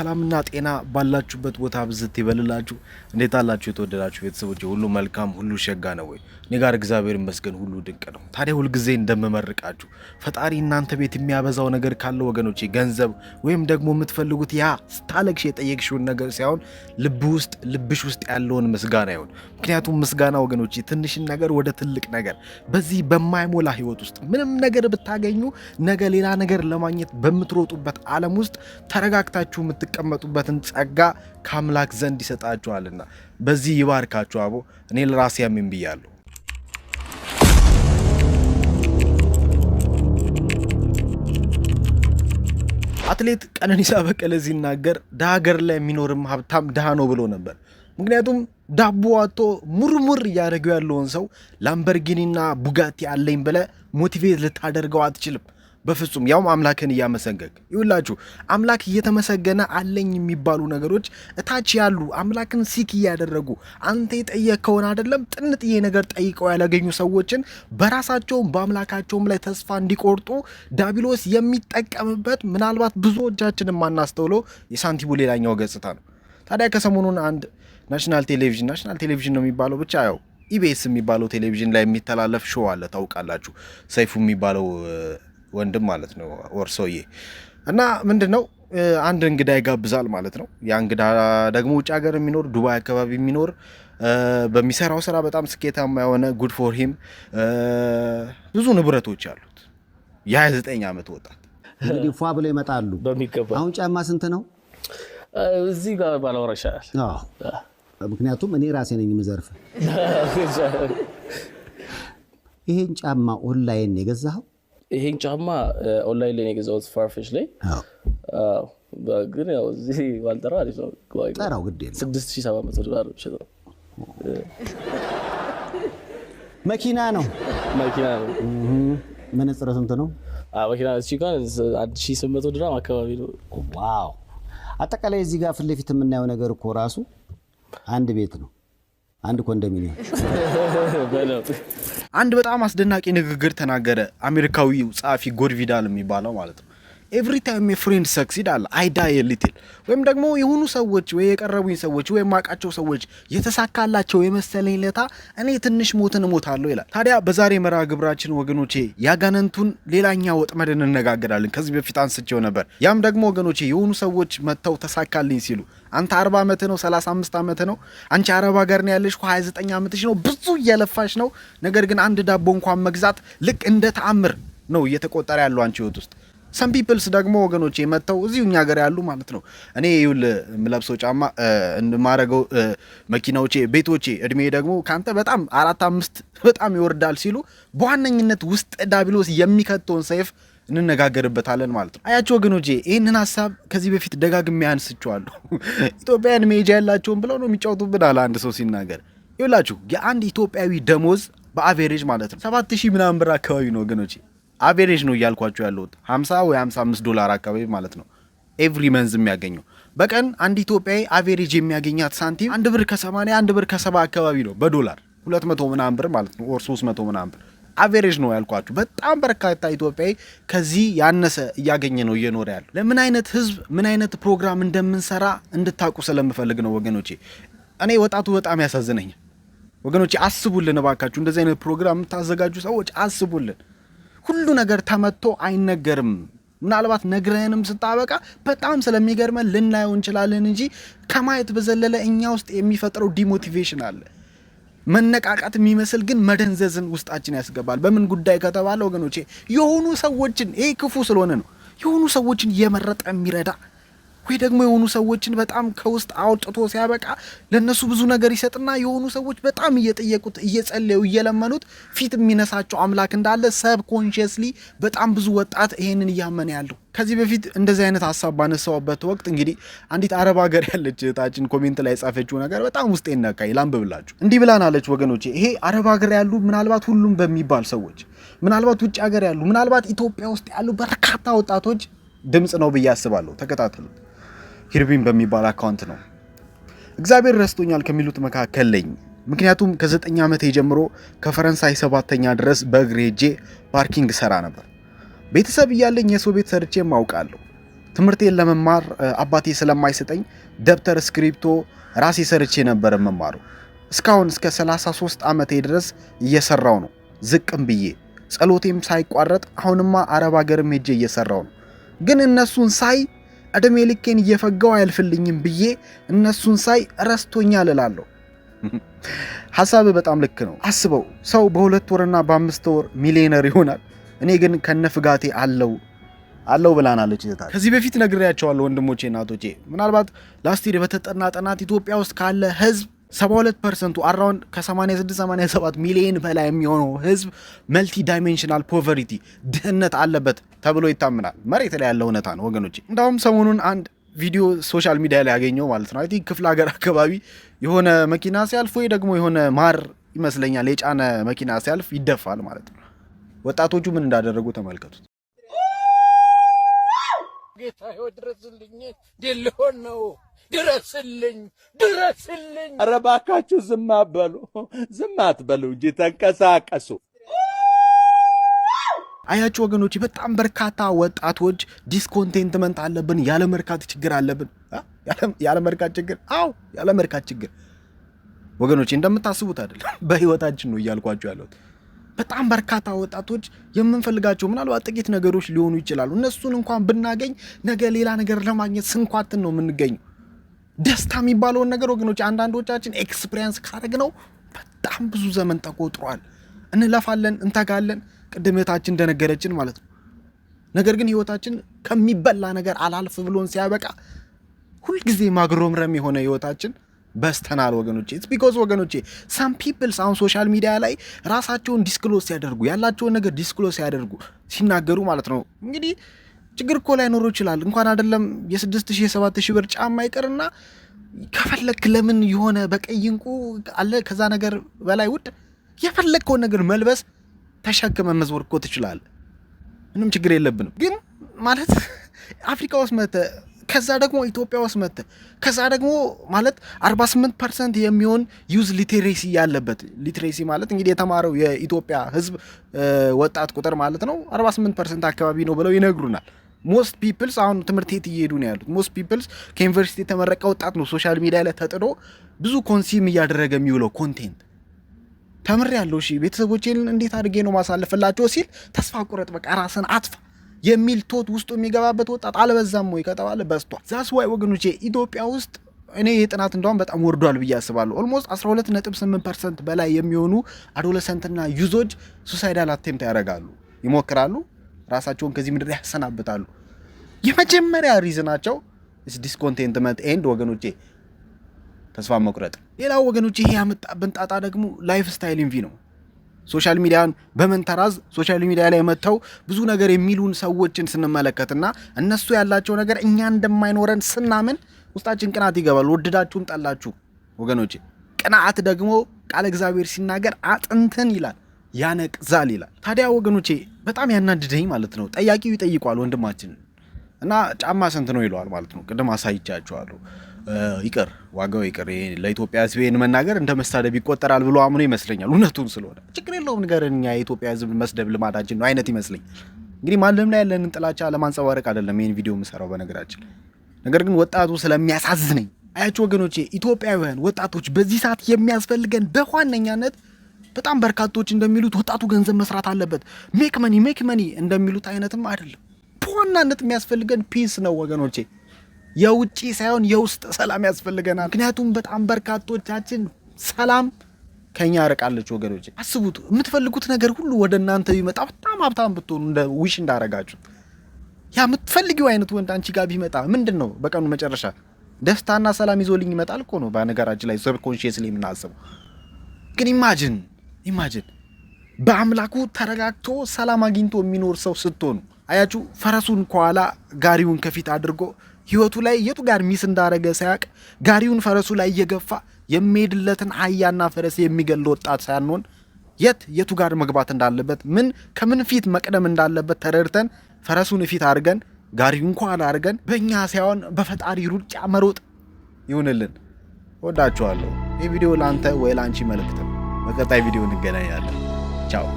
ሰላምና ጤና ባላችሁበት ቦታ ብዝት ይበልላችሁ። እንዴት አላችሁ የተወደዳችሁ ቤተሰቦች? ሁሉ መልካም ሁሉ ሸጋ ነው ወይ? እኔ ጋር እግዚአብሔር ይመስገን ሁሉ ድንቅ ነው። ታዲያ ሁልጊዜ እንደምመርቃችሁ ፈጣሪ እናንተ ቤት የሚያበዛው ነገር ካለ ወገኖች ገንዘብ ወይም ደግሞ የምትፈልጉት ያ ስታለቅሽ የጠየቅሽውን ነገር ሳይሆን ልብ ውስጥ ልብሽ ውስጥ ያለውን ምስጋና ይሁን። ምክንያቱም ምስጋና ወገኖች ትንሽን ነገር ወደ ትልቅ ነገር በዚህ በማይሞላ ህይወት ውስጥ ምንም ነገር ብታገኙ ነገ ሌላ ነገር ለማግኘት በምትሮጡበት ዓለም ውስጥ ተረጋግታችሁ የማትቀመጡበትን ጸጋ ከአምላክ ዘንድ ይሰጣችኋልና በዚህ ይባርካችሁ አቦ። እኔ ለራሴ ያምን ብያለሁ። አትሌት ቀነኒሳ በቀለ ሲናገር ድሀ ሀገር ላይ የሚኖርም ሀብታም ድሀ ነው ብሎ ነበር። ምክንያቱም ዳቦ አቶ ሙርሙር እያደረገው ያለውን ሰው ላምበርጊኒና ቡጋቲ አለኝ ብለህ ሞቲቬት ልታደርገው አትችልም። በፍጹም ያውም አምላክን እያመሰገንክ ይውላችሁ። አምላክ እየተመሰገነ አለኝ የሚባሉ ነገሮች እታች ያሉ አምላክን ሲክ እያደረጉ አንተ የጠየቅከውን አይደለም ጥንጥዬ ነገር ጠይቀው ያላገኙ ሰዎችን በራሳቸውም በአምላካቸውም ላይ ተስፋ እንዲቆርጡ ዳቢሎስ የሚጠቀምበት ምናልባት ብዙዎቻችን የማናስተውለው የሳንቲሙ ሌላኛው ገጽታ ነው። ታዲያ ከሰሞኑን አንድ ናሽናል ቴሌቪዥን ናሽናል ቴሌቪዥን ነው የሚባለው ብቻ ያው ኢቢኤስ የሚባለው ቴሌቪዥን ላይ የሚተላለፍ ሾው አለ ታውቃላችሁ። ሰይፉ የሚባለው ወንድም ማለት ነው ወር ሰውዬ እና ምንድን ነው አንድ እንግዳ ይጋብዛል ማለት ነው። ያ እንግዳ ደግሞ ውጭ ሀገር የሚኖር ዱባይ አካባቢ የሚኖር በሚሰራው ስራ በጣም ስኬታማ የሆነ ጉድ ፎር ሂም ብዙ ንብረቶች አሉት የ29 ዓመት ወጣት እንግዲህ ፏ ብለው ይመጣሉ። አሁን ጫማ ስንት ነው? እዚህ ጋር ባላወራ ይሻላል። ምክንያቱም እኔ ራሴ ነኝ የምዘርፍ። ይሄን ጫማ ኦንላይን የገዛኸው ይሄን ጫማ ኦንላይን ላይ የገዛሁት ፋርፌሽ ላይ ግን ያው እዚህ ባልጠራ አሪፍ ነው። ጠራው ግድ የለም። ስድስት ሺህ ሰባት መቶ ዶላር ነው። መኪና ነው መኪና ነው። መነጽረ ስንት ነው መኪና? አንድ ሺህ ስምንት መቶ ድራም አካባቢ ነው። ዋው! አጠቃላይ እዚህ ጋር ፊት ለፊት የምናየው ነገር እኮ ራሱ አንድ ቤት ነው፣ አንድ ኮንዶሚኒየም አንድ በጣም አስደናቂ ንግግር ተናገረ። አሜሪካዊው ጸሐፊ ጎር ቪዳል የሚባለው ማለት ነው። ኤቭሪ ታይም የፍሬንድ ሰክሲድ አለ አይዳ የሊትል ወይም ደግሞ የሆኑ ሰዎች ወይ የቀረቡኝ ሰዎች ወይ የማውቃቸው ሰዎች የተሳካላቸው የመሰለኝ ለታ እኔ ትንሽ ሞትን እሞታለሁ ይላል። ታዲያ በዛሬ መርሃ ግብራችን ወገኖቼ ያጋነንቱን ሌላኛ ወጥመድ እንነጋገራለን። ከዚህ በፊት አንስቸው ነበር። ያም ደግሞ ወገኖቼ የሆኑ ሰዎች መጥተው ተሳካልኝ ሲሉ አንተ 40 ዓመት ነው 35 ዓመት ነው አንቺ አረብ ሀገር ነው ያለሽ 29 ዓመትሽ ነው ብዙ እየለፋሽ ነው። ነገር ግን አንድ ዳቦ እንኳን መግዛት ልክ እንደ ተአምር ነው እየተቆጠረ ያለው አንቺ ህይወት ውስጥ ሰም ፒፕልስ ደግሞ ወገኖች መተው እዚሁ እኛ ሀገር ያሉ ማለት ነው። እኔ ይውል የምለብሰው ጫማ እንማረገው መኪናዎቼ፣ ቤቶቼ እድሜ ደግሞ ከአንተ በጣም አራት አምስት በጣም ይወርዳል ሲሉ በዋነኝነት ውስጥ ዳቢሎስ የሚከተውን ሰይፍ እንነጋገርበታለን ማለት ነው። አያቸው ወገኖቼ ይህንን ሀሳብ ከዚህ በፊት ደጋግሜ አንስቼዋለሁ። ኢትዮጵያን ሜጃ ያላቸውን ብለው ነው የሚጫወቱብን አለ አንድ ሰው ሲናገር ይውላችሁ የአንድ ኢትዮጵያዊ ደሞዝ በአቬሬጅ ማለት ነው ሰባት ሺህ ምናምን ብር አካባቢ ነው ወገኖቼ አቬሬጅ ነው እያልኳቸው ያለሁት 50 ወይ 55 ዶላር አካባቢ ማለት ነው። ኤቭሪ መንዝ የሚያገኘው በቀን አንድ ኢትዮጵያዊ አቬሬጅ የሚያገኛት ሳንቲም አንድ ብር ከ80 አንድ ብር ከሰባ አካባቢ ነው በዶላር 200 ምናምን ብር ማለት ነው ኦር 300 ምናምን ብር አቬሬጅ ነው ያልኳችሁ። በጣም በርካታ ኢትዮጵያዊ ከዚህ ያነሰ እያገኘ ነው እየኖረ ያለ። ለምን አይነት ህዝብ ምን አይነት ፕሮግራም እንደምንሰራ እንድታውቁ ስለምፈልግ ነው ወገኖቼ። እኔ ወጣቱ በጣም ያሳዝነኛል ወገኖቼ። አስቡልን እባካችሁ፣ እንደዚህ አይነት ፕሮግራም የምታዘጋጁ ሰዎች አስቡልን። ሁሉ ነገር ተመቶ አይነገርም። ምናልባት ነግረህንም ስታበቃ በጣም ስለሚገርመን ልናየው እንችላለን እንጂ ከማየት በዘለለ እኛ ውስጥ የሚፈጥረው ዲሞቲቬሽን አለ። መነቃቃት የሚመስል ግን መደንዘዝን ውስጣችን ያስገባል። በምን ጉዳይ ከተባለ ወገኖቼ የሆኑ ሰዎችን ይሄ ክፉ ስለሆነ ነው የሆኑ ሰዎችን የመረጠ የሚረዳ ወይ ደግሞ የሆኑ ሰዎችን በጣም ከውስጥ አውጥቶ ሲያበቃ ለእነሱ ብዙ ነገር ይሰጥና የሆኑ ሰዎች በጣም እየጠየቁት እየጸለዩ እየለመኑት ፊት የሚነሳቸው አምላክ እንዳለ ሰብ ኮንሽስሊ በጣም ብዙ ወጣት ይሄንን እያመነ ያለው። ከዚህ በፊት እንደዚህ አይነት ሀሳብ ባነሳውበት ወቅት እንግዲህ አንዲት አረብ ሀገር ያለች እህታችን ኮሜንት ላይ የጻፈችው ነገር በጣም ውስጤ ነካኝ። ብላችሁ እንዲህ ብላን አለች፣ ወገኖቼ ይሄ አረብ ሀገር ያሉ ምናልባት ሁሉም በሚባል ሰዎች፣ ምናልባት ውጭ ሀገር ያሉ፣ ምናልባት ኢትዮጵያ ውስጥ ያሉ በርካታ ወጣቶች ድምፅ ነው ብዬ አስባለሁ። ተከታተሉት። ሂርቢን በሚባል አካውንት ነው። እግዚአብሔር ረስቶኛል ከሚሉት መካከል ነኝ። ምክንያቱም ከዘጠኝ ዓመቴ ጀምሮ ከፈረንሳይ ሰባተኛ ድረስ በእግሬ ሄጄ ፓርኪንግ ሰራ ነበር። ቤተሰብ እያለኝ የሰው ቤት ሰርቼ ማውቃለሁ። ትምህርቴን ለመማር አባቴ ስለማይሰጠኝ ደብተር፣ እስክሪፕቶ ራሴ ሰርቼ ነበር የምማሩ። እስካሁን እስከ 33 ዓመቴ ድረስ እየሰራው ነው ዝቅም ብዬ ጸሎቴም ሳይቋረጥ። አሁንማ አረብ ሀገርም ሄጄ እየሰራው ነው። ግን እነሱን ሳይ ዕድሜ ልኬን እየፈጋው አያልፍልኝም ብዬ እነሱን ሳይ ረስቶኛል እላለሁ። ሀሳብ በጣም ልክ ነው። አስበው ሰው በሁለት ወርና በአምስት ወር ሚሊዮነር ይሆናል። እኔ ግን ከነፍጋቴ አለው አለው ብላናለች ይዘታል። ከዚህ በፊት ነግሬያቸዋለሁ ወንድሞቼ እናቶቼ፣ ምናልባት ላስቲር በተጠና ጥናት ኢትዮጵያ ውስጥ ካለ ህዝብ 72 ፐርሰንቱ አራውንድ ከ86 87 ሚሊዮን በላይ የሚሆነው ህዝብ መልቲ ዳይሜንሽናል ፖቨርቲ ድህነት አለበት ተብሎ ይታምናል። መሬት ላይ ያለ እውነታ ነው ወገኖች። እንዳውም ሰሞኑን አንድ ቪዲዮ ሶሻል ሚዲያ ላይ ያገኘው ማለት ነው። አይ ቲንክ ክፍለ ሀገር አካባቢ የሆነ መኪና ሲያልፍ ወይ ደግሞ የሆነ ማር ይመስለኛል የጫነ መኪና ሲያልፍ ይደፋል ማለት ነው። ወጣቶቹ ምን እንዳደረጉ ተመልከቱት። ጌታ ሆይ ድረስልኝ፣ ድልሆን ነው ድረስልኝ፣ ድረስልኝ። ኧረ እባካችሁ ዝም አትበሉ፣ ዝም አትበሉ እንጂ ተንቀሳቀሱ። አያችሁ ወገኖች፣ በጣም በርካታ ወጣቶች ዲስኮንቴንትመንት አለብን፣ ያለመርካት ችግር አለብን። ያለመርካት ችግር፣ አዎ ያለመርካት ችግር ወገኖች፣ እንደምታስቡት አይደለም። በህይወታችን ነው እያልኳቸው ያለሁት። በጣም በርካታ ወጣቶች የምንፈልጋቸው ምናልባት ጥቂት ነገሮች ሊሆኑ ይችላሉ። እነሱን እንኳን ብናገኝ ነገ ሌላ ነገር ለማግኘት ስንኳትን ነው የምንገኘው። ደስታ የሚባለውን ነገር ወገኖች፣ አንዳንዶቻችን ኤክስፒሪየንስ ነው በጣም ብዙ ዘመን ተቆጥሯል። እንለፋለን፣ እንተጋለን። ቅድም እንደነገረችን ማለት ነው። ነገር ግን ህይወታችን ከሚበላ ነገር አላልፍ ብሎን ሲያበቃ ሁልጊዜ ማግሮምረም የሆነ ህይወታችን በስተናል ወገኖቼ ኢትስ ቢኮዝ ወገኖቼ ሳም ፒፕልስ አሁን ሶሻል ሚዲያ ላይ ራሳቸውን ዲስክሎስ ሲያደርጉ ያላቸውን ነገር ዲስክሎስ ሲያደርጉ ሲናገሩ ማለት ነው እንግዲህ ችግር እኮ ላይኖሩ ይችላል። እንኳን አይደለም የስድስት ሺህ የሰባት ሺህ ብር ጫማ ይቅርና ከፈለክ ለምን የሆነ በቀይ እንቁ አለ ከዛ ነገር በላይ ውድ የፈለግከውን ነገር መልበስ ተሸክመ መዝወር እኮ ትችላል። ምንም ችግር የለብንም። ግን ማለት አፍሪካ ውስጥ መተ ከዛ ደግሞ ኢትዮጵያ ውስጥ መጥተህ ከዛ ደግሞ ማለት 48 ፐርሰንት የሚሆን ዩዝ ሊትሬሲ ያለበት ሊትሬሲ ማለት እንግዲህ የተማረው የኢትዮጵያ ህዝብ ወጣት ቁጥር ማለት ነው 48 ፐርሰንት አካባቢ ነው ብለው ይነግሩናል። ሞስት ፒፕልስ አሁን ትምህርት ቤት እየሄዱ ነው ያሉት። ሞስት ፒፕልስ ከዩኒቨርሲቲ የተመረቀ ወጣት ነው ሶሻል ሚዲያ ላይ ተጥዶ ብዙ ኮንሲም እያደረገ የሚውለው ኮንቴንት ተምር ያለው እሺ ቤተሰቦቼን እንዴት አድርጌ ነው ማሳለፍላቸው ሲል ተስፋ ቁረጥ፣ በቃ ራስን አጥፋ የሚል ቶት ውስጡ የሚገባበት ወጣት አልበዛም ወይ ከተባለ በዝቷል። ዛስ ዋይ ወገኖቼ ኢትዮጵያ ውስጥ እኔ ይህ ጥናት እንደውም በጣም ወርዷል ብዬ አስባለሁ። ኦልሞስት 12.8 ፐርሰንት በላይ የሚሆኑ አዶለሰንትና ዩዞች ሱሳይዳል አቴምት ያደርጋሉ፣ ይሞክራሉ፣ ራሳቸውን ከዚህ ምድር ያሰናብታሉ። የመጀመሪያ ሪዝናቸው ዲስኮንቴንትመንት ኤንድ ወገኖቼ ተስፋ መቁረጥ። ሌላው ወገኖቼ ይሄ ያመጣብን ጣጣ ደግሞ ላይፍ ስታይል ኢንቪ ነው። ሶሻል ሚዲያን በመንተራዝ ሶሻል ሚዲያ ላይ መጥተው ብዙ ነገር የሚሉን ሰዎችን ስንመለከትና እነሱ ያላቸው ነገር እኛ እንደማይኖረን ስናምን ውስጣችን ቅናት ይገባል። ወደዳችሁም ጠላችሁ ወገኖቼ፣ ቅናት ደግሞ ቃለ እግዚአብሔር ሲናገር አጥንትን ይላል ያነቅዛል ይላል። ታዲያ ወገኖቼ በጣም ያናድደኝ ማለት ነው። ጠያቂው ይጠይቋል ወንድማችን እና ጫማ ስንት ነው ይለዋል ማለት ነው። ቅድም አሳይቻችኋለሁ። ይቅር ዋጋው ይቅር፣ ለኢትዮጵያ ሕዝብ መናገር እንደ መሳደብ ይቆጠራል ብሎ አምኖ ይመስለኛል። እውነቱን ስለሆነ ችግር የለውም ንገረን፣ እኛ የኢትዮጵያ ሕዝብ መስደብ ልማዳችን ነው አይነት ይመስለኛል። እንግዲህ ማለም ላይ ያለንን ጥላቻ ለማንጸባረቅ አይደለም ይህን ቪዲዮ የምሰራው በነገራችን። ነገር ግን ወጣቱ ስለሚያሳዝነኝ አያችሁ ወገኖቼ፣ ኢትዮጵያውያን ወጣቶች በዚህ ሰዓት የሚያስፈልገን በዋነኛነት በጣም በርካቶች እንደሚሉት ወጣቱ ገንዘብ መስራት አለበት ሜክ መኒ ሜክ መኒ እንደሚሉት አይነትም አይደለም። በዋናነት የሚያስፈልገን ፒስ ነው ወገኖቼ። የውጭ ሳይሆን የውስጥ ሰላም ያስፈልገናል። ምክንያቱም በጣም በርካቶቻችን ሰላም ከኛ ያርቃለች። ወገኖች አስቡት፣ የምትፈልጉት ነገር ሁሉ ወደ እናንተ ቢመጣ በጣም ሀብታም ብትሆኑ እንደ ውሽ እንዳረጋችሁት ያ የምትፈልጊው አይነት ወንድ አንቺ ጋር ቢመጣ ምንድን ነው በቀኑ መጨረሻ ደስታና ሰላም ይዞልኝ ይመጣል እኮ ነው። በነገራችን ላይ ሰብኮንሽየስሊ የምናስበው ግን ኢማጅን ኢማጅን በአምላኩ ተረጋግቶ ሰላም አግኝቶ የሚኖር ሰው ስትሆኑ አያችሁ፣ ፈረሱን ከኋላ ጋሪውን ከፊት አድርጎ ህይወቱ ላይ የቱ ጋር ሚስ እንዳረገ ሳያውቅ ጋሪውን ፈረሱ ላይ እየገፋ የሚሄድለትን አህያና ፈረስ የሚገል ወጣት ሳያንሆን የት የቱ ጋር መግባት እንዳለበት ምን ከምን ፊት መቅደም እንዳለበት ተረድተን ፈረሱን ፊት አድርገን ጋሪውን ኋላ አድርገን በእኛ ሳይሆን በፈጣሪ ሩጫ መሮጥ ይሁንልን። ወዳችኋለሁ። ይህ ቪዲዮ ለአንተ ወይ ለአንቺ መልእክት ነው። በቀጣይ ቪዲዮ እንገናኛለን። ቻው